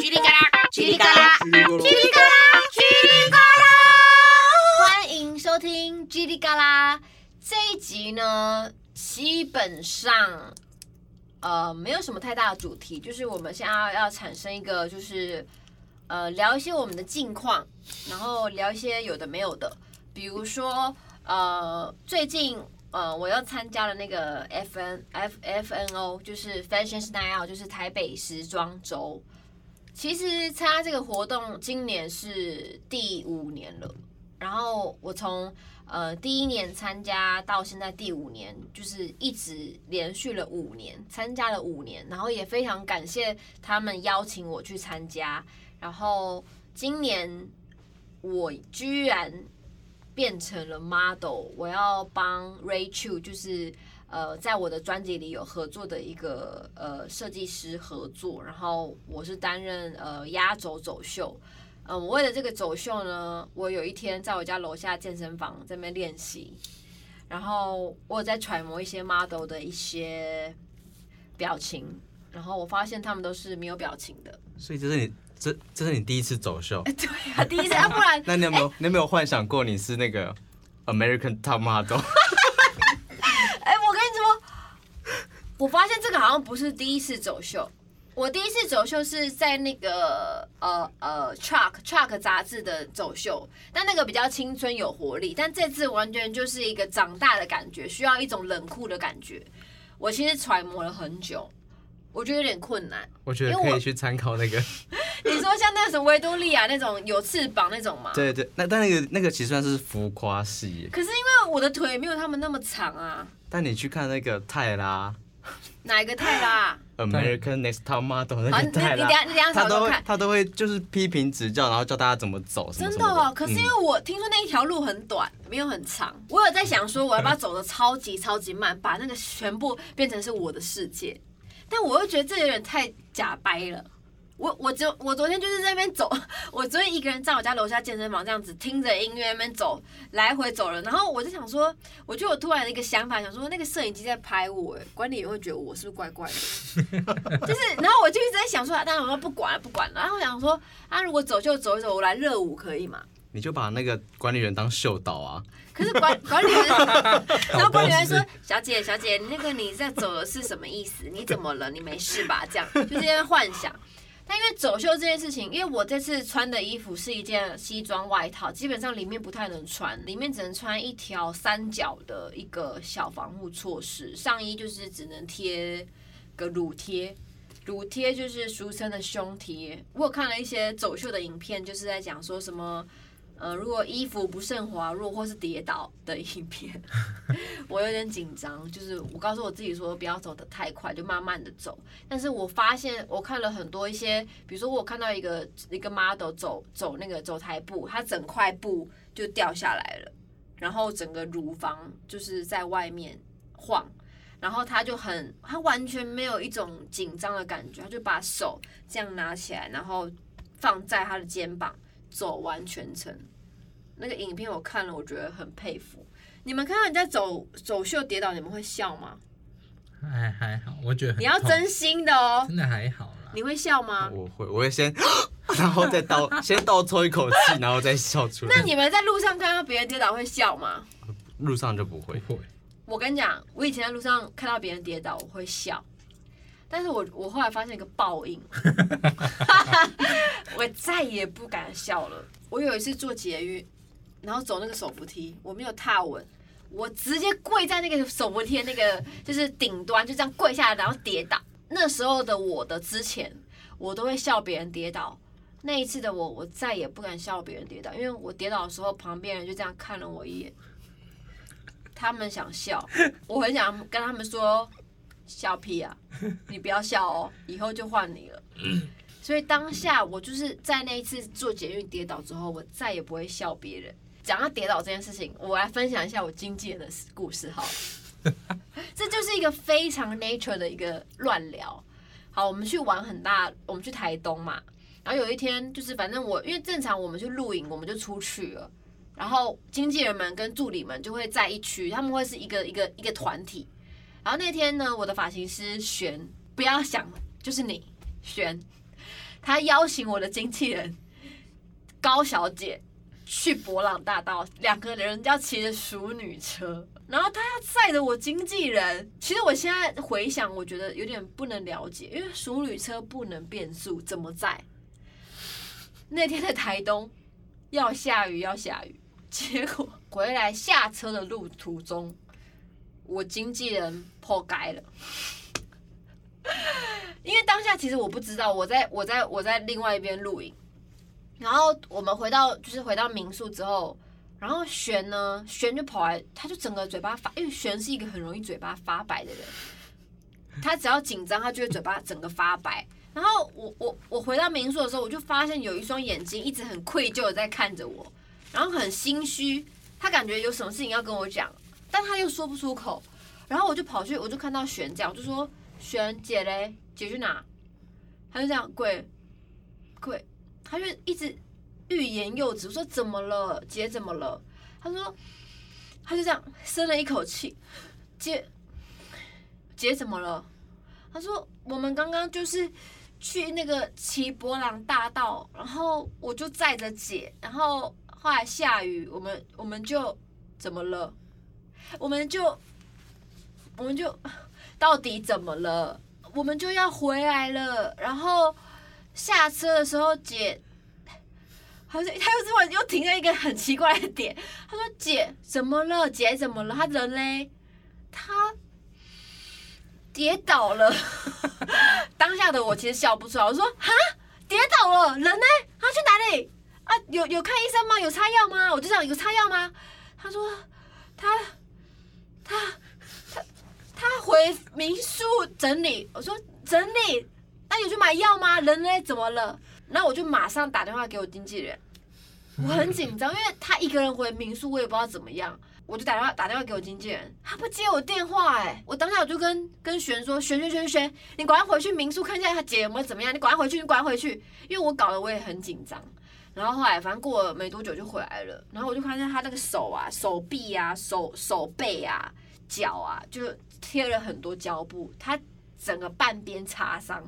G 哩 GA 啦，G 哩 GA 啦，G 哩 GA 啦，G 哩 GA、GA 啦！歡迎收聽《G 哩 GA 啦》這一集呢，基本上呃沒有什麼太大的主題，就是我們現在要，要產生一個，就是呃聊一些我們的近況，然後聊一些有的沒有的，比如說呃最近呃我要參加了那個 FN、F、FNO，就是 Fashion's Night Out，就是台北時裝週。其實參加這個活動今年是第五年了，然後我從呃第一年參加到現在第五年，就是一直連續了五年參加了五年，然後也非常感謝他們邀請我去參加。然後今年我居然變成了 model，我要幫 Rachel 就是。呃，在我的專輯裡有合作的一個呃設計師合作，然後我是擔任呃壓軸走秀。嗯、呃，我為了這個走秀呢，我有一天在我家樓下健身房這邊練習，然後我有在揣摩一些 model 的一些表情，然後我發現他們都是沒有表情的。所以這是你這這是你第一次走秀？ 對呀、啊，第一次。要、啊、不然， 那你有沒有、欸、你有沒有幻想過你是那個 American Top Model？這個好像不是第一次走秀。我第一次走秀是在那個呃、呃、Truck Truck 雜誌的走秀，但那個比較青春有活力。但這次完全就是一個長大的感覺，需要一種冷酷的感覺。我其實揣摩了很久，我覺得有點困難。我覺得可以去參考那個 。你說像那種維多利亞那種有翅膀那種嗎？對對，那但那個那個其實算是浮誇系。可是因為我的腿沒有他們那麼長啊。但你去看那個泰拉。哪一個泰拉 ？American Next Top Model 的泰拉。你等下，你等下他都會他都會就是批評指教，然後教大家怎麼走什麼什麼。真的哦，可是因為我聽說那一條路很短，沒有很長。我有在想說，我要不要走的超級超級慢，把那個全部變成是我的世界？但我又覺得這有點太假掰了。我我就我昨天就是在那邊走，我昨天一個人在我家樓下健身房這樣子聽着音樂那邊走來回走了，然後我就想說，我就有突然的一個想法，想說那個攝影機在拍我，欸，管理員會覺得我是不是怪怪的？ 就是，然後我就一直在想說，當然我說不管不管了，然後我想說，啊，如果走就走一走，我來熱舞可以嗎？你就把那個管理員當秀導啊。可是管管理員， 然後管理員說是是：“小姐小姐，那個你在走的是什麼意思？你怎麼了？你沒事吧？”這樣就在幻想。但因為走秀這件事情，因為我這次穿的衣服是一件西裝外套，基本上裡面不太能穿，裡面只能穿一條三角的一個小防護措施，上衣就是只能貼個乳貼，乳貼就是俗稱的胸貼。我有看了一些走秀的影片，就是在講說什麼。呃，如果衣服不慎滑落，或是跌倒的一邊， 我有點緊張。就是我告訴我自己說，不要走得太快，就慢慢的走。但是我發現，我看了很多一些，比如說我看到一個一個 model 走走，那個走台步，他整塊布就掉下來了，然後整個乳房就是在外面晃，然後他就很，他完全沒有一種緊張的感覺，他就把手這樣拿起來，然後放在他的肩膀。走完全程，那個影片我看了，我覺得很佩服。你們看到你在走走秀跌倒，你們會笑嗎？哎，還好，我覺得你要真心的哦、喔，真的還好啦。你會笑嗎？我會，我會先，然後再倒， 先倒抽一口氣，然後再笑出來。 那你們在路上看到別人跌倒會笑嗎？路上就不會，不會。我跟你講，我以前在路上看到別人跌倒，我會笑。但是我我後來發現一個報應，哈哈哈，我再也不敢笑了。我有一次坐捷運，然後走那個手扶梯，我沒有踏穩，我直接跪在那個手扶梯的那個就是頂端，就這樣跪下來，然後跌倒。那時候的我的之前，我都會笑別人跌倒。那一次的我，我再也不敢笑別人跌倒，因為我跌倒的時候，旁邊人就這樣看了我一眼，他們想笑，我很想跟他們說。笑屁啊！你不要笑哦，以後就換你了。所以當下我就是在那一次坐捷運跌倒之後，我再也不會笑別人。講到跌倒這件事情，我來分享一下我經紀人的故事好了，好。 這就是一個非常 nature 的一個亂聊。好，我們去玩很大，我們去台東嘛。然後有一天就是，反正我因為正常我們去錄影，我們就出去了。然後經紀人們跟助理們就會在一區，他們會是一個一個一個團體。然後那天呢，我的髮型師玄，不要想，就是你，玄，他邀請我的經紀人高小姐去伯朗大道，兩個人要騎着淑女車，然後他要載着我經紀人。其實我現在回想，我覺得有點不能了解，因為淑女車不能變速，怎麼載？那天的台東要下雨，要下雨，結果回來下車的路途中。我經紀人撲街了，因為當下其實我不知道，我在我在我在另外一邊錄影，然後我們回到就是回到民宿之後，然後玄呢，玄就跑來，他就整個嘴巴發，因為玄是一個很容易嘴巴發白的人，他只要緊張，他就會嘴巴整個發白。然後我我我回到民宿的時候，我就發現有一雙眼睛一直很愧疚的在看着我，然後很心虛，他感覺有什麼事情要跟我講。但他又說不出口，然後我就跑去，我就看到璇這樣，我就說：“璇姐嘞，姐去哪？”他就這樣，鬼鬼，他就一直欲言又止。說：“怎麼了？姐怎麼了？”他說：“他就這樣，深了一口氣。”姐，姐怎麼了？他說：“我們剛剛就是去那個齊伯朗大道，然後我就載着姐，然後後來下雨，我們我們就怎麼了？”我們就，我們就到底怎麼了？我們就要回來了。然後下車的時候，姐好像他又怎麼又停了一個很奇怪的點。他說：“姐怎麼了？姐怎麼了？他人嘞？他跌倒了。 ”當下的我其實笑不出來。我說：“哈，跌倒了，人嘞？他去哪裡？啊？有有看醫生嗎？有擦藥嗎？我就想有擦藥嗎？”他說：“他。”他，他，他回民宿整理。我說，整理，那有去買藥嗎？人呢？怎麼了？然後我就馬上打電話給我經紀人，我很緊張，因為他一個人回民宿，我也不知道怎麼樣。我就打電話打電話給我經紀人，他不接我電話哎、欸。我當下我就跟跟璇說，璇璇璇璇，你趕快回去民宿看一下他姐姐有沒有怎麼樣。你趕快回去，你趕快回去，因為我搞得我也很緊張。然後後來，反正過了沒多久就回來了。然後我就看見他那個手啊、手臂啊、手手背啊、腳啊，就貼了很多膠布。他整個半邊擦傷。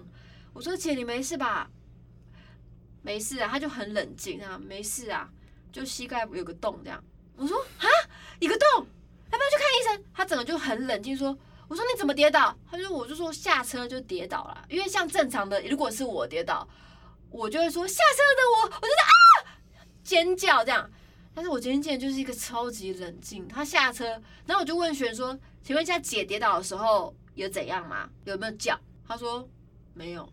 我說：“姐，你沒事吧？”“沒事啊。”他就很冷靜啊，“沒事啊。”就膝蓋有個洞這樣。我說：“啊，一個洞，要不要去看醫生？”他整個就很冷靜說：“我說你怎麼跌倒？”他就就說：“我就說下車就跌倒了。因為像正常的，如果是我跌倒，我就會說下車的我，我就說啊。”尖叫這樣，但是我今天見就是一個超級冷靜。他下車，然後我就問學員說：“請問一下，姐跌倒的時候有怎樣嗎？有沒有叫？”他說：“沒有。”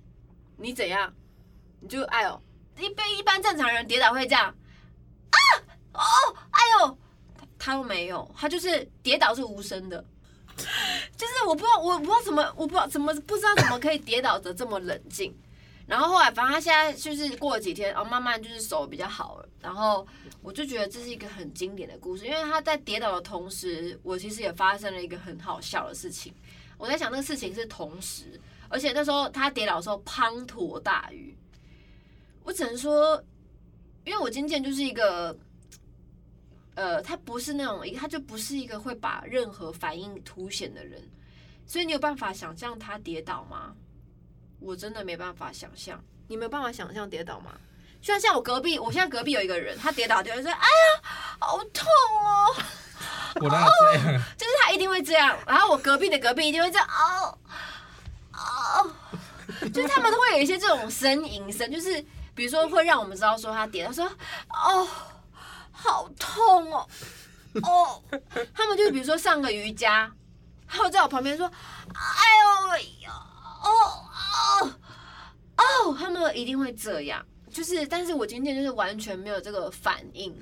你怎樣？你就哎呦！一被一般正常人跌倒會這樣啊哦，哎呦！他他都沒有，他就是跌倒是無聲的，就是我不知道我不知道怎麼我不知道怎麼不知道怎麼可以跌倒的這麼冷靜。然後後來，反正他現在就是過了幾天，然後，哦，慢慢就是手比較好了。然後我就覺得這是一個很經典的故事，因為他在跌倒的同時，我其實也發生了一個很好笑的事情。我在想那個事情是同時，而且那時候他跌倒的時候滂沱大雨。我只能說，因為我今天，今天就是一個，呃，他不是那種，他就不是一個會把任何反應凸顯的人，所以你有辦法想象他跌倒嗎？我真的沒辦法想象，你沒有辦法想象跌倒嗎？就像我隔壁，我現在隔壁有一個人，他跌倒，就會說：“哎呀，好痛哦！”我當、哦、就是他一定會這樣。然後我隔壁的隔壁一定會這樣哦哦，哦 就是他們都會有一些這種呻吟聲，就是比如說會讓我們知道說他跌倒，他說：“哦，好痛哦哦。 ”他們就比如說上個瑜伽，然後在我旁邊說：“哎呦哎呦。”哦哦哦，他們一定會這樣，就是，但是我今天就是完全沒有這個反應，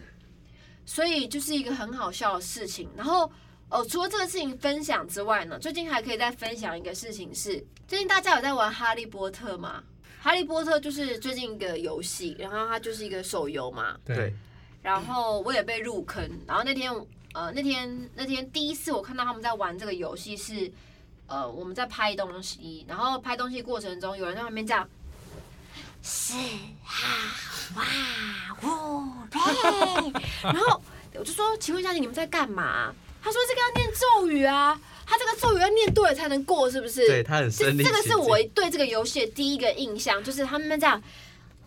所以就是一個很好笑的事情。然後，哦，除了這個事情分享之外呢，最近還可以再分享一個事情是，最近大家有在玩哈利波特嗎？哈利波特就是最近一個遊戲，然後它就是一個手遊嘛，對。然後我也被入坑，然後那天，呃，那天那天第一次我看到他們在玩這個遊戲是。呃，我們在拍東西，然後拍東西過程中，有人在旁邊這樣，是哈哇嗚，對，然後我就說，請問一下你們在幹嘛？他說這個要念咒語啊，他這個咒語要念對了才能過，是不是？對，他很是，這個是我對這個遊戲的第一個印象，就是他們這樣，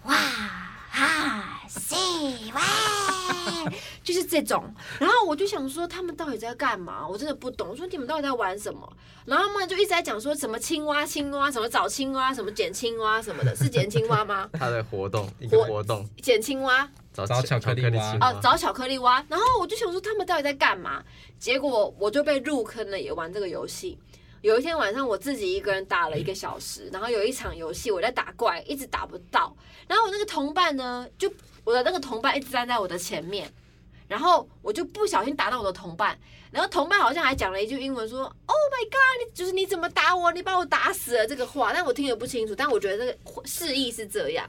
哇哈是哇。就是這種，然後我就想說，他們到底在幹嘛？我真的不懂。我說你們到底在玩什麼？然後他們就一直在講說什麼青蛙、青蛙，什麼找青蛙，什麼撿青蛙，什麼的，是撿青蛙嗎？他在活動，一個活動，撿青蛙，找巧克力，找巧克力啊，找巧克力蛙。然後我就想說，他們到底在幹嘛？結果我就被入坑了，也玩這個遊戲。有一天晚上，我自己一個人打了一個小時，然後有一場遊戲我在打怪，一直打不到。然後我那個同伴呢，就我的那個同伴一直站在我的前面。然後我就不小心打到我的同伴，然後同伴好像還講了一句英文說，說：“Oh my god！你就是你怎麼打我？你把我打死了。”這個話，但我聽得不清楚。但我覺得這個示意是這樣。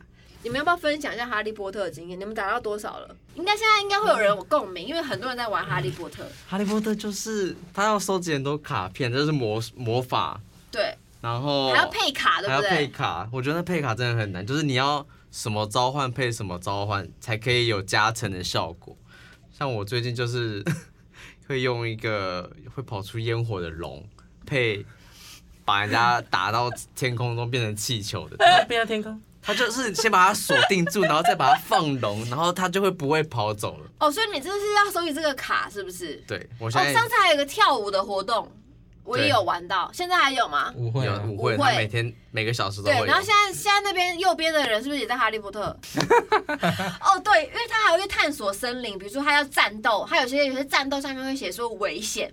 你們要不要分享一下《哈利波特》的經驗？你們打到多少了？應該現在應該會有人有共鳴、嗯，因為很多人在玩《哈利波特》。哈利波特就是他要收集很多卡片，這、就是魔魔法。對。然後還要，還要配卡，對不對？還要配卡，我覺得配卡真的很難，就是你要什麼召喚配什麼召喚，才可以有加成的效果。像我最近就是會用一個會跑出煙火的龍，配把人家打到天空中變成氣球的，變到天空。他就是先把它鎖定住，然後再把它放龍，然後他就會不會跑走了。哦，所以你這是要收集這個卡是不是？對，我上次還有個跳舞的活動。我也有玩到。現在還有嗎？會啊、有，會，每天每個小時都有。對，然後現在現在那邊右邊的人是不是也在《哈利波特》？哦，對，因為他還會探索森林，比如說他要戰鬥，他有些有些戰鬥上面會寫說危險，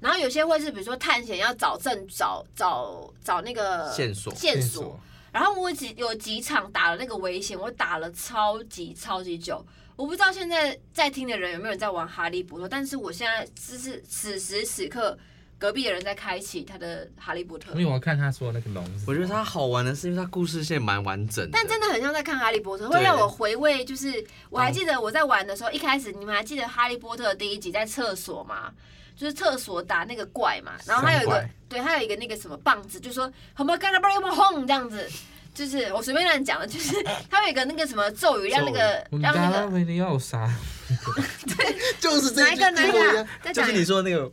然後有些會是比如說探險要找證找找找那個線索線索，線索。然後我幾有幾場打了那個危險，我打了超級超級久，我不知道現在在聽的人有沒有在玩《哈利波特》，但是我現在就是此時此刻，隔壁的人在開啟他的《哈利波特》，因為我看他說那個東西，我覺得他好玩的是，因為他故事線蠻完整，但真的很像在看《哈利波特》，會讓我回味。就是我還記得我在玩的時候，一開始你們還記得《哈利波特》第一集在廁所嗎？就是廁所打那個怪嘛，然後還有一個，對他有一個那個什麼棒子，就是說“什麼干了不要不要轟”這樣子，就是我隨便亂講的。就是他有一個那個什麼咒語，讓那個讓那個的鑰殺對，就是哪一個？哪一個？就是你說的那個。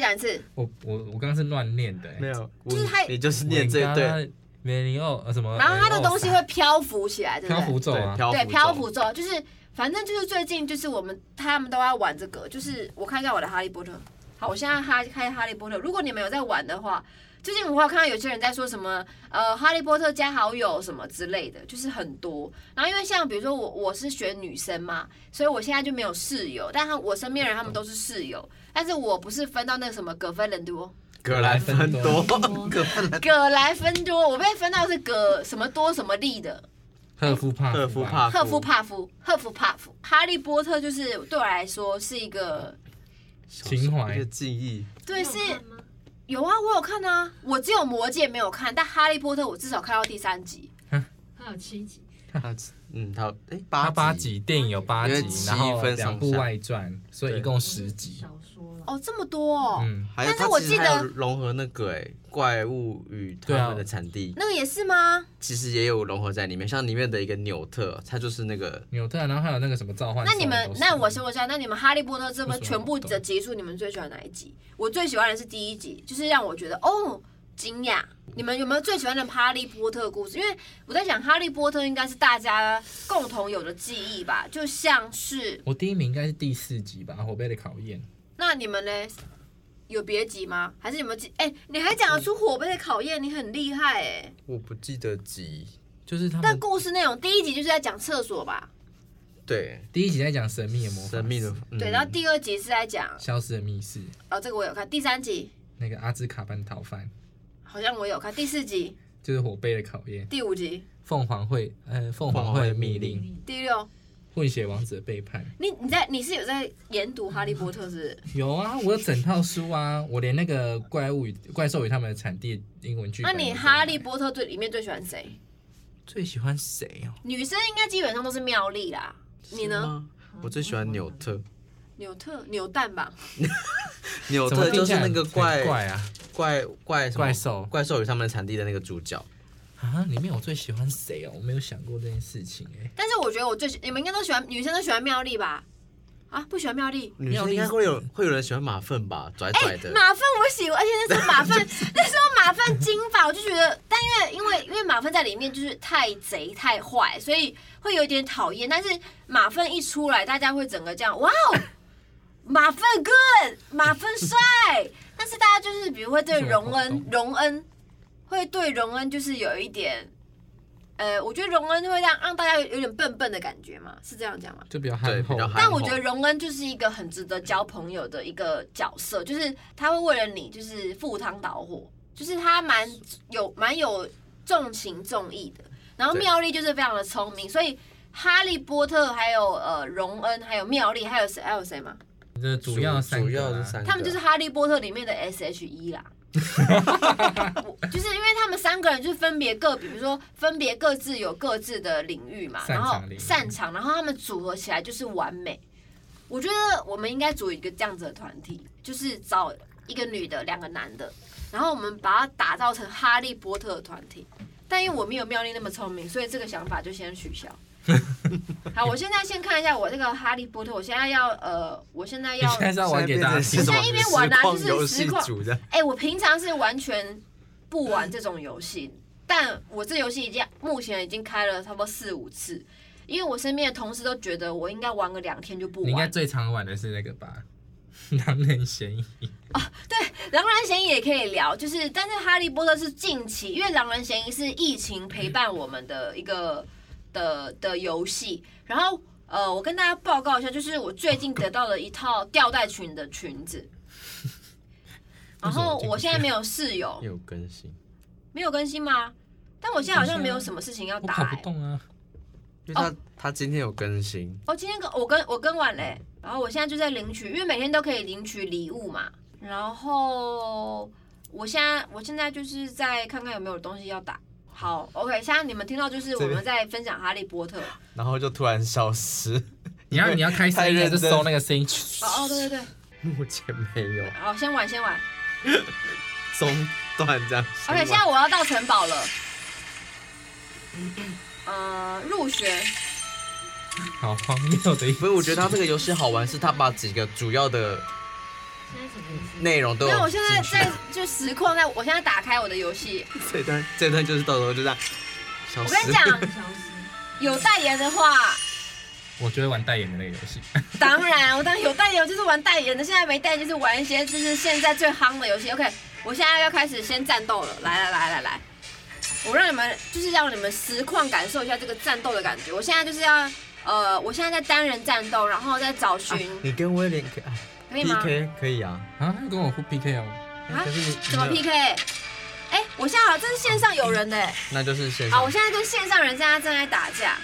再講一次，我我我剛剛是亂念的、欸，沒有，就是他，也就是念這對 m 有、嗯，然後他的東西會漂浮起來，漂浮咒啊。對，漂浮咒。就是反正就是最近就是我們他們都在玩這個，就是我看一下我的哈利波特，好，我現在開開哈利波特，如果你們有在玩的話，最近我有看到有些人在說什麼呃哈利波特加好友什麼之類的，就是很多，然後因為像比如說我我是學女生嘛，所以我現在就沒有室友，但他我身邊的人他們都是室友。但是我不是分到那個什麼葛芬人多，葛萊芬多，葛萊，葛萊芬多，我被分到是葛什麼多什麼利的。赫夫帕赫夫帕赫夫帕夫赫夫帕夫。哈利波特就是對我來說是一個情懷，一個記憶。對，是有啊，我有看啊，我只有魔戒沒有看，但哈利波特我至少看到第三集。它有七集，它有，七他有，七他有七嗯，它八，八集電影有八集，然後兩部外傳，所以一共十集。嗯哦，這麼多、哦，嗯，但是我記得還有融合那個哎、欸，怪物與他們的產地、啊，那個也是嗎？其實也有融合在裡面，像裡面的一個紐特，它就是那個紐特、啊，然後還有那個什麼召喚。那你們，那個、那我先問一下，那你們《哈利波特》這麼全部的集數，你們最喜歡哪一集？我最喜歡的是第一集，就是讓我覺得哦驚訝。你們有沒有最喜歡的《哈利波特》故事？因為我在想，《哈利波特》應該是大家共同有的記憶吧，就像是我第一名應該是第四集吧，《火杯的考驗》。那你們呢？有別集嗎？還是你們記哎、欸，你還講得出火杯的考驗？你很厲害哎、欸！我不記得集，就是他。但故事內容第一集就是在講廁所吧？對，第一集在講神秘的魔法神秘的、嗯、對。然後第二集是在講消失的密室。哦，這個我有看。第三集那個阿茲卡班逃犯，好像我有看。第四集就是火杯的考驗。第五集鳳凰會，呃，鳳凰會的密令、令。第六。混血王子的背叛。你你在你是有在研讀《哈利波特》是？ 有啊，我有整套書啊，我連那個怪物與怪獸與他們的產地的英文劇。那你《哈利波特》最裡面最喜歡誰？最喜歡誰哦、喔？女生應該基本上都是妙麗啦。你呢？我最喜歡紐特。紐特，扭蛋吧。紐 特就是那個怪怪啊怪怪怪獸怪獸與他們的產地的那個主角。啊！裡面我最喜歡誰哦、啊？我沒有想過這件事情哎、欸。但是我覺得我最喜你們應該都喜歡女生都喜歡妙麗吧？啊，不喜歡妙麗？女生應該會有、嗯、會有人喜歡馬份吧？拽拽的、欸、馬份我喜歡，而且那時候馬份 那時候馬份金髮，我就覺得，但因為因為因為馬份在裡面就是太賊太壞，所以會有點討厭。但是馬份一出來，大家會整個這樣，哇哦，馬份哥，馬份帥。但是大家就是比如會對榮恩，榮 恩。會對榮恩就是有一點，呃，我覺得榮恩會讓讓大家有點笨笨的感覺嘛，是這樣講嗎？就比較憨厚，憨厚，但我覺得榮恩就是一個很值得交朋友的一個角色， 就是他會為了你就是赴湯蹈火，就是他蠻有蠻有重情重義的。然後妙麗就是非常的聰明，所以哈利波特還有呃榮恩還有妙麗還有誰還有誰嗎？這主要、啊、主要是三個、啊，他們就是哈利波特裡面的 SHE 啦。我 就是因為他們三個人就是分別各，比如說分別各自有各自的領域嘛，然後擅長，然後他們組合起來就是完美。我覺得我們應該組一個這樣子的團體，就是找一個女的，兩個男的，然後我們把它打造成哈利波特團體。但因為我沒有妙麗那麼聰明，所以這個想法就先取消。 好，我現在先看一下我這個哈利波特。我現在要呃，我現在要，現在要我現在玩，給大家。我先一邊玩啊，就是實況。哎、欸，我平常是完全不玩這種遊戲， 但我這遊戲已經目前已經開了差不多四五次，因為我身邊的同事都覺得我應該玩個兩天就不玩。應該最常玩的是那個吧？狼人嫌疑哦， oh, 對，狼人嫌疑也可以聊，就是但是哈利波特是近期，因為狼人嫌疑是疫情陪伴我們的一個。的的遊戲，然後呃，我跟大家報告一下，就是我最近得到了一套吊帶裙的裙子， 然後我現在沒有室友。沒有更新？沒有更新嗎？但我現在好像沒有什麼事情要打、欸。不動啊、哦他！他今天有更新。哦，哦今天我跟我更完嘞、欸，然後我現在就在領取，因為每天都可以領取禮物嘛。然後我現在我現在就是在看看有沒有東西要打。好、oh，OK，現在你們聽到就是我們在分享《哈利波特》，然後就突然消失。你要你要開聲音，就搜那個聲音。哦哦，對對對。目前沒有。啊、好，先玩先玩。中 斷這樣。OK，現在我要到城堡了。咳咳呃，入學。好荒謬的一！所以我覺得他這個遊戲好玩，是他把幾個主要的。內容都，有、啊容都有啊沒有，因我現在在，在就實況在，我現在打開我的遊戲。這段這段就是豆豆就這樣，我跟你講，有代言的話。我覺得玩代言的那個遊戲。當然，我當有代言我就是玩代言的，現在沒代言就是玩一些就是現在最夯的遊戲。OK，我現在要開始先戰鬥了，來來來來來，我讓你們就是讓你們實況感受一下這個戰鬥的感覺。我現在就是要呃，我現在在單人戰鬥，然後再找尋、啊。你跟威廉可愛。P K 可以啊，啊，他跟我互 P K 哦，啊，啊，欸、可是你怎麼 P K？哎，欸，我現在好像真是線上有人哎，欸，嗯，那就是線上啊，我現在跟線上人家正在打架，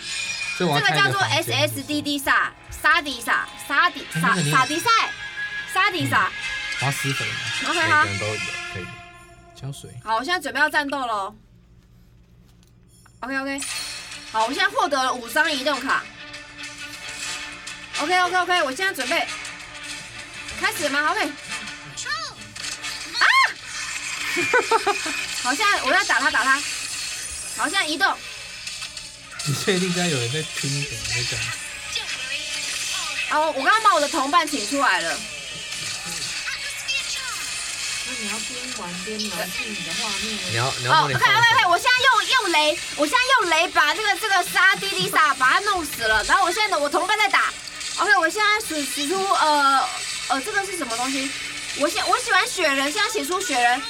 這個叫做 S S D D 沙沙迪沙沙迪沙沙迪賽，欸那個，沙迪薩沙花施肥，每個人都有、啊、可以澆水。好，我現在準備要戰鬥嘍，OK OK，好，我現在獲得了五張移動卡，OK OK OK，我現在準備。開始嗎？好、OK、美。啊！哈哈哈哈好像我要打他打他，好像移動。你確定在有人在聽？你在講？哦，我剛剛把我的同伴請出來了。那你要邊玩邊拿去你的畫面。你要你要、oh, OK OK OK，我現在用用雷，現在用雷，我現在用雷把這個這個沙滴滴殺，把它弄死了。然後我現在我同伴在打，OK，我現在使使出呃。呃，這個是什麼東西？我先我喜歡雪人，現在寫出雪人。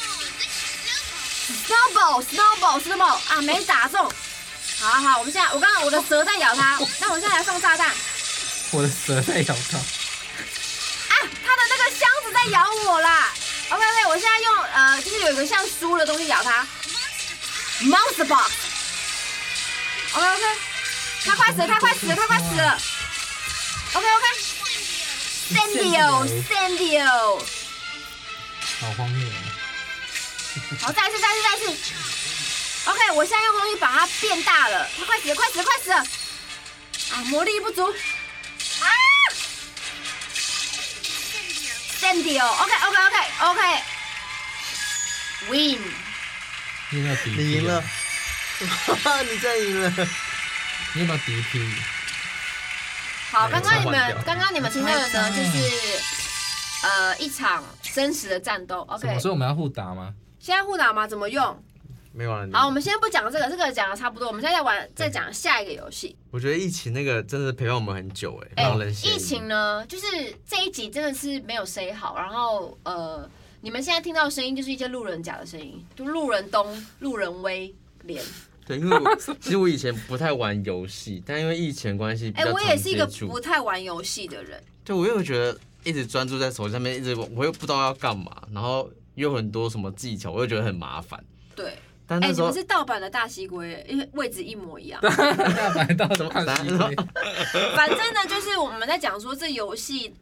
Snowball, snowball, snowball, snowball. 啊，沒打中。好，好好，我們現在，我剛剛我的蛇在咬它、哦。那我現在來放炸彈。我的蛇在咬它。啊，它的那個箱子在咬我啦 ！OK OK，我現在用呃，就是有一個像書的東西咬它。Mousebox OK OK，它快死，它快死，它、啊、快，快死了。OK OK。Sandyo, Sandyo。好荒謬。好，哦， oh, 再次，再次，再次。OK，我現在用東西把它變大了，它快死了，快死了，快死了。啊，魔力不足。啊，Sandyo。OK，OK，OK，OK。Win。你贏了。你最贏了。 你把地皮。 好、欸，剛剛你們剛剛你們聽到的呢，啊、就是呃一場真實的戰鬥。OK，所以我們要互打嗎？現在互打嗎？怎麼用？沒有。好，我們先不講這個，這個講的差不多，我們現在在玩，再講下一個遊戲。我覺得疫情那個真的是陪伴我們很久哎、欸，哎、欸，疫情呢，就是這一集真的是沒有誰好，然後呃，你們現在聽到的聲音就是一些路人甲的聲音，就路人東、路人威廉。對，因為我其實我以前不太玩遊戲，但因為疫情關係，哎、欸，我也是一個不太玩遊戲的人。對，我又覺得一直專注在手機上面，一直我又不知道要幹嘛，然後又有很多什麼技巧，我又覺得很麻煩。對，但那時、欸、是盜版的大西瓜，因為位置一模一樣。盜 大什麼大西瓜？反正呢，就是我們在講說這遊戲，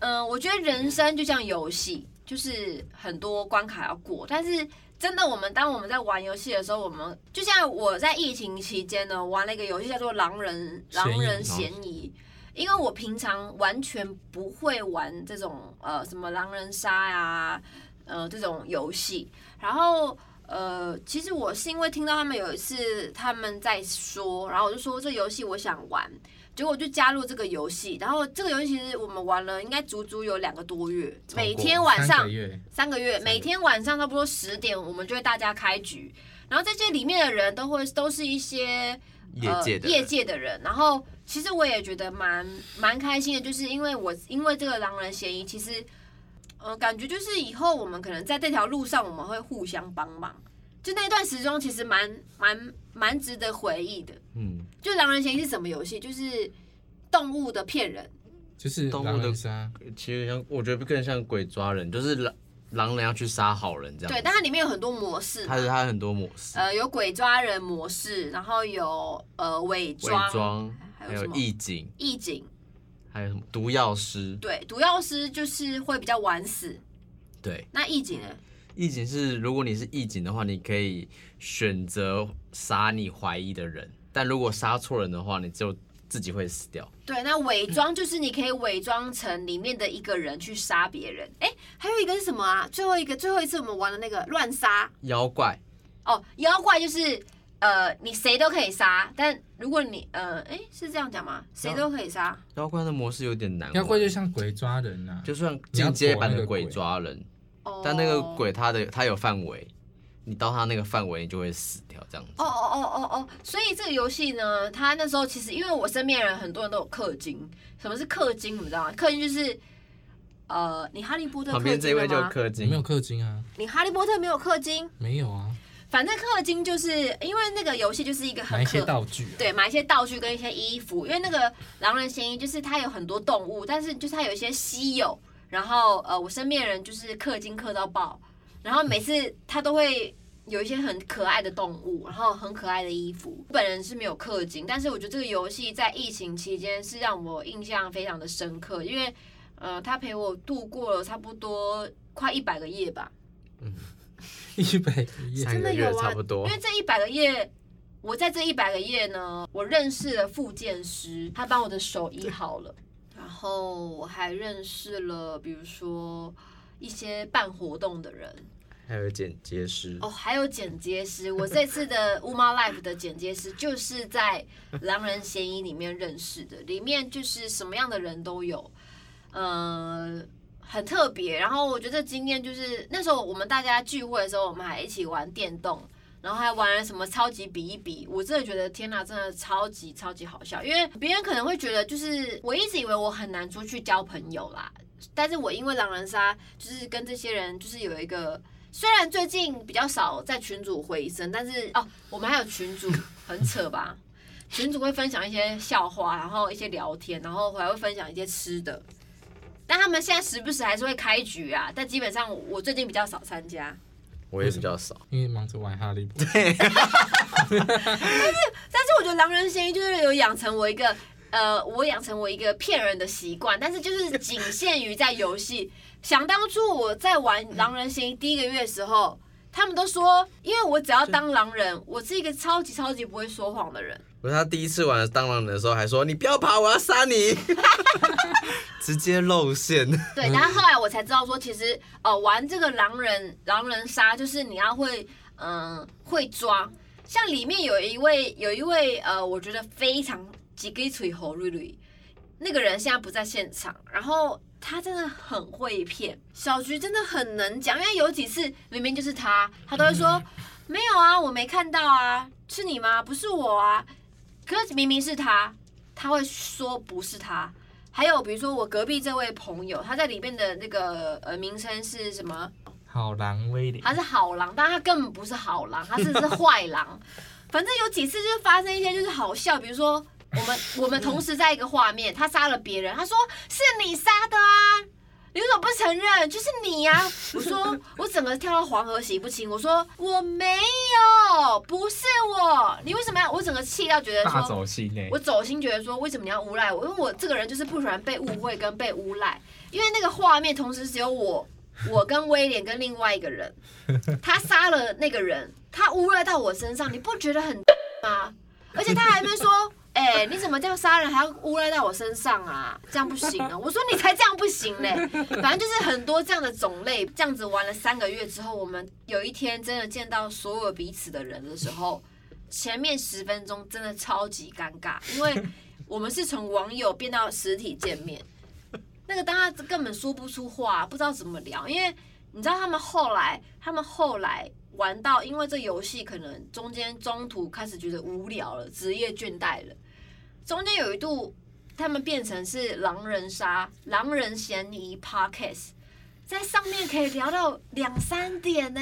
嗯、呃，我覺得人生就像遊戲，就是很多關卡要過，但是。真的，我們當我們在玩遊戲的時候，我們就像我在疫情期間呢玩了一個遊戲，叫做《狼人狼人嫌疑》。因為我平常完全不會玩這種呃什麼狼人殺呀、啊，呃這種遊戲。然後呃，其實我是因為聽到他們有一次他們在說，然後我就說這遊戲我想玩。結果就加入這個遊戲，然後這個遊戲其實我們玩了應該足足有兩個多月，每天晚上三個，三個月，每天晚上差不多十點，我們就會大家開局，然後這些裡面的人都會都是一些呃業界，業界的人，然後其實我也覺得蠻蠻開心的，就是因為我因為這個狼人嫌疑，其實呃感覺就是以後我們可能在這條路上我們會互相幫忙，就那段時間其實蠻蠻。蠻值得回憶的，嗯，就狼人嫌是什麼遊戲？就是動物的騙人，就是人殺動物的殺。其實像我覺得更像鬼抓人，就是狼狼人要去殺好人這樣。對，但它裡面有很多模式。它是它有很多模式，呃，有鬼抓人模式，然後有呃偽裝，偽裝還有什麼異警？異警還有什麼毒藥師？對，毒藥師就是會比較晚死。對，那異警呢？義警是，如果你是義警的話，你可以選擇殺你懷疑的人，但如果殺錯人的話，你就自己會死掉。對，那偽裝就是你可以偽裝成裡面的一個人去殺別人。哎，還有一個是什麼啊？最後一個，最後一次我們玩的那個亂殺。妖怪。哦，妖怪就是呃，你誰都可以殺，但如果你呃，哎，是這樣講嗎？誰都可以殺。妖怪的模式有點難。妖怪就像鬼抓人啊，就算進階版的鬼抓人。但那個鬼，它的它有範圍，你到它那個範圍，你就會死掉，這樣子。哦哦哦哦哦！所以這個遊戲呢，它那時候其實，因為我身邊人很多人都有氪金，什麼是氪金，你知道嗎？氪金就是，呃，你哈利波特旁邊這位就有氪金，沒有氪金啊？你哈利波特沒有氪金？沒有啊。反正氪金就是因為那個遊戲就是一個很氪，買一些道具、啊，對，買一些道具跟一些衣服，因為那個狼人嫌疑就是它有很多動物，但是就是它有一些稀有。然後呃，我身邊的人就是氪金氪到爆，然後每次他都會有一些很可愛的動物，然後很可愛的衣服。本人是沒有氪金，但是我覺得這個遊戲在疫情期間是讓我印象非常的深刻，因為呃，他陪我度過了差不多快一百個夜吧。嗯 ，一百個夜個 真的有啊，差不多。因為這一百個夜，我在這一百個夜呢，我認識了復健師，他幫我的手醫好了。然後我還認識了，比如說一些辦活動的人，還有剪接師哦，還有剪接師。我這次的烏貓 life 的剪接師就是在《狼人嫌疑》裡面認識的，裡面就是什麼樣的人都有，嗯、呃、很特別。然後我覺得今天就是那時候我們大家聚會的時候，我們還一起玩電動。然後還玩了什麼超級比一比，我真的覺得天哪，真的超級超級好笑。因為別人可能會覺得，就是我一直以為我很難出去交朋友啦，但是我因為狼人殺，就是跟這些人就是有一個，雖然最近比較少在群組回聲，但是哦，我們還有群組很扯吧，群組會分享一些笑話，然後一些聊天，然後還會分享一些吃的。但他們現在時不時還是會開局啊，但基本上我最近比較少參加。我也比較少，為什麼？因為忙着玩哈利波特。 但是，但是我覺得狼人嫌疑就是有養成我一個呃，我養成我一個騙人的習慣。但是，就是僅限於在遊戲。 想當初我在玩狼人嫌疑第一個月的時候，他們都說，因為我只要當狼人，我是一個超級超級不會說謊的人。不是他第一次玩當狼人的時候，還說：“你不要跑，我要殺你。 ”直接露餡。對，然後後來我才知道說，其實哦、呃，玩這個狼人狼人殺，就是你要會嗯、呃、會抓。像裡面有一位有一位呃，我覺得非常雞雞嘴猴綠綠，那個人現在不在現場，然後他真的很會騙小菊，真的很能講，因為有幾次明明就是他，他都會說、嗯：“沒有啊，我沒看到啊，是你嗎？不是我啊。”可是明明是他，他會說不是他。還有比如說我隔壁這位朋友，他在裡面的那個呃名稱是什麼？好狼威廉。他是好狼，但他根本不是好狼，他是一隻壞狼。 反正有幾次就是發生一些就是好笑，比如說我們我們同時在一個畫面，他殺了別人，他說是你殺的啊。你為什麼不承認，就是你呀、啊！我說我整個跳到黃河洗不清，我說我沒有，不是我，你為什麼要？我整個氣到覺得說他走心、欸，我走心覺得說，為什麼你要誣賴我？因為我這個人就是不喜歡被誤會跟被誣賴，因為那個畫面同時只有我，我跟威廉跟另外一個人，他殺了那個人，他誣賴到我身上，你不覺得很嗎？而且他還沒說。 哎、欸，你怎麼這樣殺人還要誣賴在我身上啊？這樣不行啊！我說你才這樣不行嘞、欸。反正就是很多這樣的種類，這樣子玩了三個月之後，我們有一天真的見到所有彼此的人的時候，前面十分鐘真的超級尷尬，因為我們是從網友變到實體見面。那個當下根本說不出話，不知道怎麼聊，因為你知道他們後來，他們後來玩到，因為這遊戲可能中間中途開始覺得無聊了，職業倦怠了。中間有一度，他們變成是狼人殺、狼人嫌疑、Podcast 在上面可以聊到兩三點呢，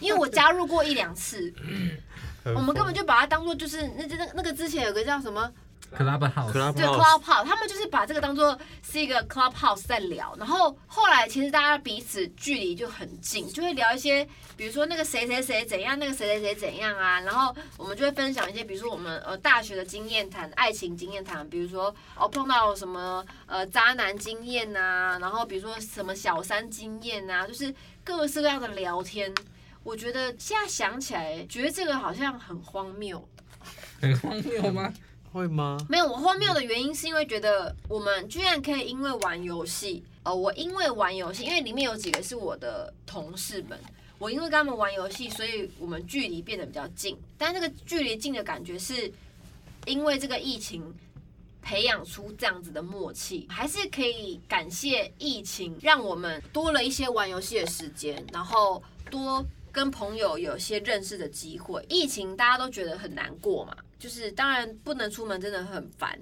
因為我加入過一兩次 我們根本就把它當做就是那那那個之前有個叫什麼。Clubhouse, clubhouse 對 Clubhouse，他們就是把這個當做是一個 Clubhouse 在聊，然後後來其實大家彼此距離就很近，就會聊一些，比如說那個誰誰誰怎樣，那個誰誰誰怎樣啊，然後我們就會分享一些，比如說我們呃大學的經驗談、愛情經驗談，比如說哦碰到了什麼呃渣男經驗吶、啊，然後比如說什麼小三經驗吶、啊，就是各式各樣的聊天。我覺得現在想起來，覺得這個好像很荒謬，很荒謬嗎？ 會嗎？沒有，我荒謬的原因，是因為覺得我們居然可以因為玩遊戲，呃，我因為玩遊戲，因為裡面有幾個是我的同事們，我因為跟他們玩遊戲，所以我們距離變得比較近。但這個距離近的感覺，是因為這個疫情培養出這樣子的默契，還是可以感謝疫情，讓我們多了一些玩遊戲的時間，然後多跟朋友有些認識的機會。疫情大家都覺得很難過嘛。就是當然不能出門真的很煩，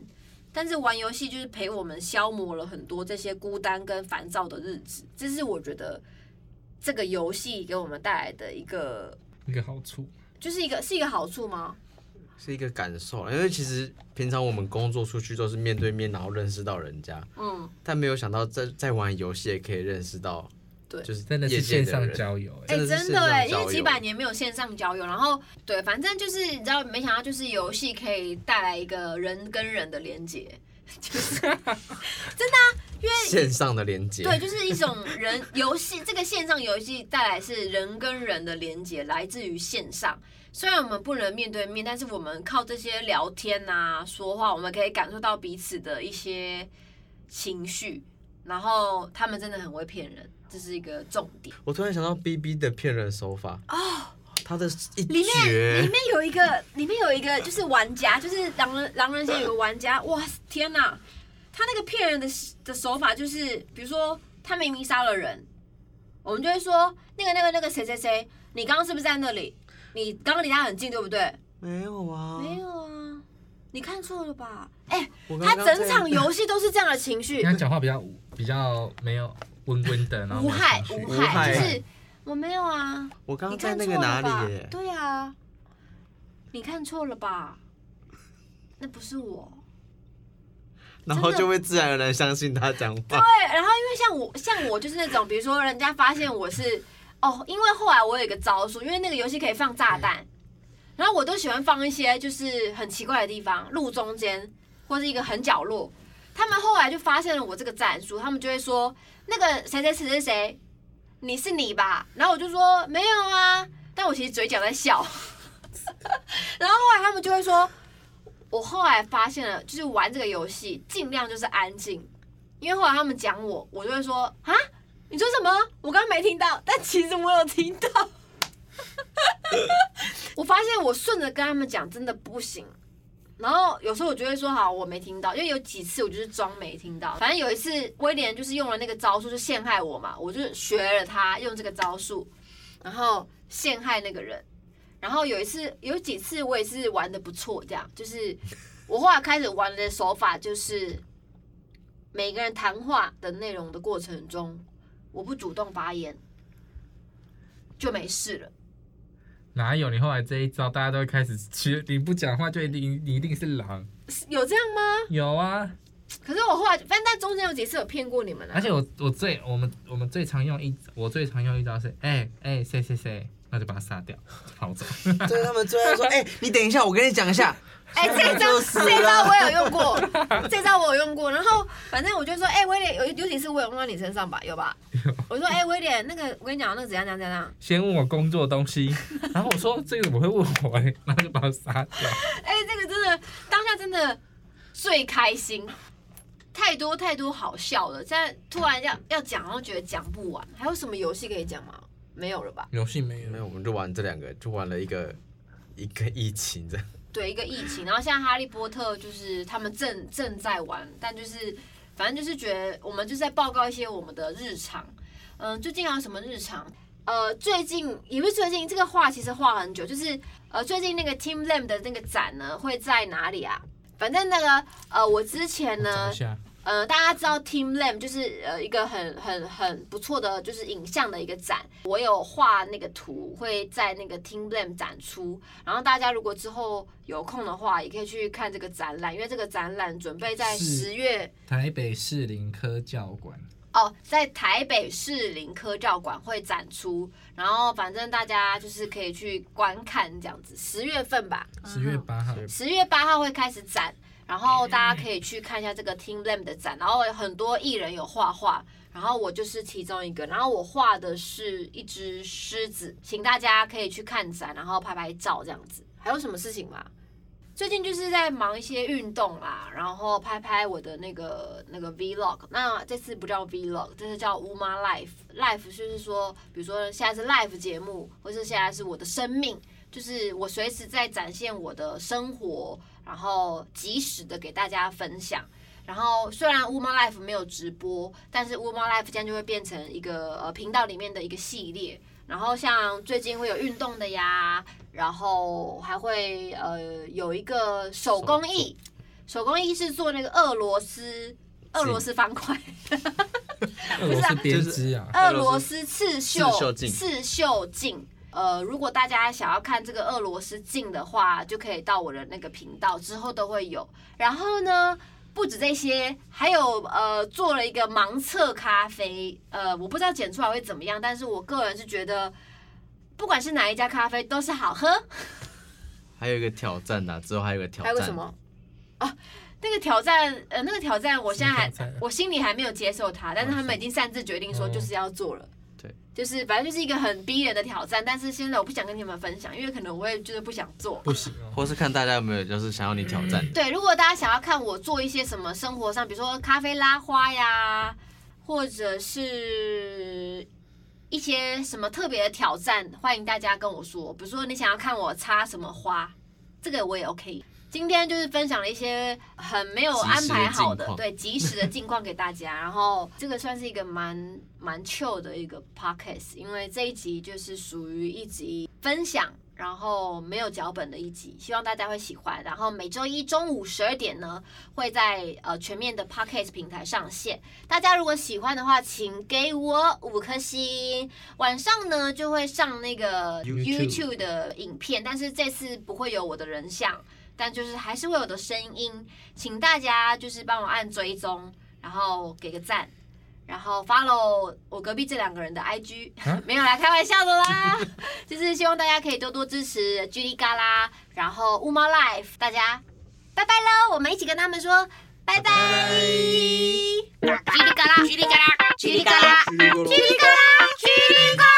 但是玩遊戲就是陪我們消磨了很多這些孤單跟煩躁的日子，這是我覺得這個遊戲給我們帶來的一個一個好處，就是一個是一個好處嗎？是一個感受，因為其實平常我們工作出去都是面對面，然後認識到人家，嗯，但沒有想到在在玩遊戲也可以認識到。對，就是真的是線上交友，哎、欸，真的上，因為幾百年沒有線上交友，然後對，反正就是你知道，沒想到就是遊戲可以帶來一個人跟人的連接，就是 真的、啊、因為線上的連接，對，就是一種人遊戲，這個線上遊戲帶來是人跟人的連接，來自於線上，雖然我們不能面對面，但是我們靠這些聊天吶、啊、說話，我們可以感受到彼此的一些情緒，然後他們真的很會騙人。這是一個重點。我突然想到 B B 的騙人手法哦，oh, 他的一裡面裡面有一個，裡面有一個就是玩家，就是狼人狼人街有個玩家，哇天哪！他那個騙人的的手法就是，比如說他明明殺了人，我們就會說那個那個那個誰誰誰，你剛剛是不是在那裡？你剛剛離他很近，對不對？沒有啊，沒有啊，你看錯了吧？哎、欸，他整場遊戲都是這樣的情緒。跟他講話比較比較沒有。溫溫的，然後無害無害，就是我沒有啊。我剛才那個哪裡耶？對啊，你看錯了吧？那不是我。然後就會自然而然相信他講話。對，然後因為像我像我就是那種，比如說人家發現我是哦，因為後來我有一個招數，因為那個遊戲可以放炸彈，嗯，然後我都喜歡放一些就是很奇怪的地方，路中間或是一個很角落。他們後來就發現了我這個戰術，他們就會說那個誰誰誰誰誰，你是你吧？然後我就說沒有啊，但我其實嘴角在笑。 然後後來他們就會說，我後來發現了，就是玩這個遊戲儘量就是安靜，因為後來他們講我，我就會說啊，你說什麼？我剛剛沒聽到，但其實我有聽到。 我發現我順着跟他們講真的不行。然後有時候我就會說：“好，我沒聽到。”因為有幾次我就是裝沒聽到。反正有一次威廉就是用了那個招數，就陷害我嘛，我就學了他用這個招數，然後陷害那個人。然後有一次，有幾次我也是玩得不錯，這樣就是我後來開始玩的手法就是，每個人談話的內容的過程中，我不主動發言，就沒事了。哪有你後來這一招，大家都會開始覺得，你不講話就一定你一定是狼是，有這樣嗎？有啊，可是我後來，反正在中間有幾次有騙過你們，啊，而且我我最我們我們最常用一我最常用一招是，哎哎誰誰誰。欸誰誰誰他就把他殺掉，跑走。 所以他們最後說：“哎、欸，你等一下，我跟你講一下。哎、欸，這招， 這招我有用過， 這招我有用過。 然後反正我就說：哎、欸，威廉，有尤其是我有用到你身上吧？有吧？有我說：哎、欸，威廉，那個我跟你講，那個怎樣怎樣怎樣。先問我工作東西，然後我說 這個怎麼會問我、欸，然後就把他殺掉。哎、欸，這個真的當下真的最開心，太多太多好笑了。現在突然要要講，然後覺得講不完。還有什麼遊戲可以講嗎？”沒有了吧？遊戲沒有了。沒有，我們就玩這兩個，就玩了一個一個疫情的。對，一個疫情。然後像哈利波特就是他們正正在玩，但就是反正就是覺得我們就是在報告一些我們的日常。嗯、呃，最近還有什麼日常？呃，最近因為最近，這個畫其實畫很久。就是呃，最近那個 Team Lam 的那個展呢會在哪裡啊？反正那個呃，我之前呢。呃，大家知道 teamLab 就是呃一個很很很不錯的，就是影像的一個展。我有畫那個圖會在那個 teamLab 展出，然後大家如果之後有空的話，也可以去看這個展覽，因為這個展覽準備在十月台北士林科教館哦，在台北士林科教館會展出，然後反正大家就是可以去觀看這樣子，十月份吧，十月八號，十月八號會開始展。然後大家可以去看一下這個 Team Lam 的展，然後很多藝人有畫畫，然後我就是其中一個，然後我畫的是一只獅子，請大家可以去看展，然後拍拍照這樣子。還有什麼事情嗎？最近就是在忙一些運動啦，然後拍拍我的那個那個 Vlog，那這次不叫 Vlog，這次叫 Uma Life，Life 就是說，比如說現在是 Life 節目，或者是現在是我的生命，就是我隨時在展現我的生活。然後及時的給大家分享。然後雖然烏貓 life 沒有直播，但是烏貓 life 這樣就會變成一個呃頻道裡面的一個系列。然後像最近會有運動的呀，然後還會呃有一個手工藝手，手工藝是做那個俄羅斯俄羅斯方塊， 不是、啊，就是俄羅斯刺繡刺繡鏡。呃，如果大家想要看這個俄羅斯鏡的話，就可以到我的那個頻道，之後都會有。然後呢，不止這些，還有呃，做了一個盲測咖啡，呃，我不知道剪出來會怎麼樣，但是我個人是覺得，不管是哪一家咖啡都是好喝。還有一個挑戰呢、啊，之後還有個挑戰，還有個什麼？啊，那個挑戰，呃，那個挑戰，我現在還，我心裡還沒有接受它，但是他們已經擅自決定說就是要做了。哦。對，就是反正就是一個很逼人的挑戰，但是現在我不想跟你們分享，因為可能我也就是不想做。不是，或是看大家有沒有就是想要你挑戰。 對，如果大家想要看我做一些什麼生活上，比如說咖啡拉花呀，或者是一些什麼特別的挑戰，歡迎大家跟我說。比如說你想要看我插什麼花，這個我也 OK。今天就是分享了一些很沒有安排好的，的對，及時的近況給大家。 然後這個算是一個蠻蠻 chill 的一個 podcast，因為這一集就是屬於一集分享，然後沒有腳本的一集，希望大家會喜歡。然後每週一中午十二點呢，會在呃全面的 podcast 平台上線。大家如果喜歡的話，請給我五顆星。晚上呢就會上那個 YouTube 的影片，但是這次不會有我的人像。但就是還是會有的聲音，請大家就是幫我按追蹤，然後給個讚，然後 follow 我隔壁這兩個人的 IG，沒有來開玩笑的啦， 就是希望大家可以多多支持 G 哩 GA 啦，然後烏貓 life，大家拜拜嘍，我們一起跟他們說拜拜，G 哩 GA 啦，G 哩 GA 啦，G 哩 GA 啦，G 哩 GA 啦，G 哩 GA。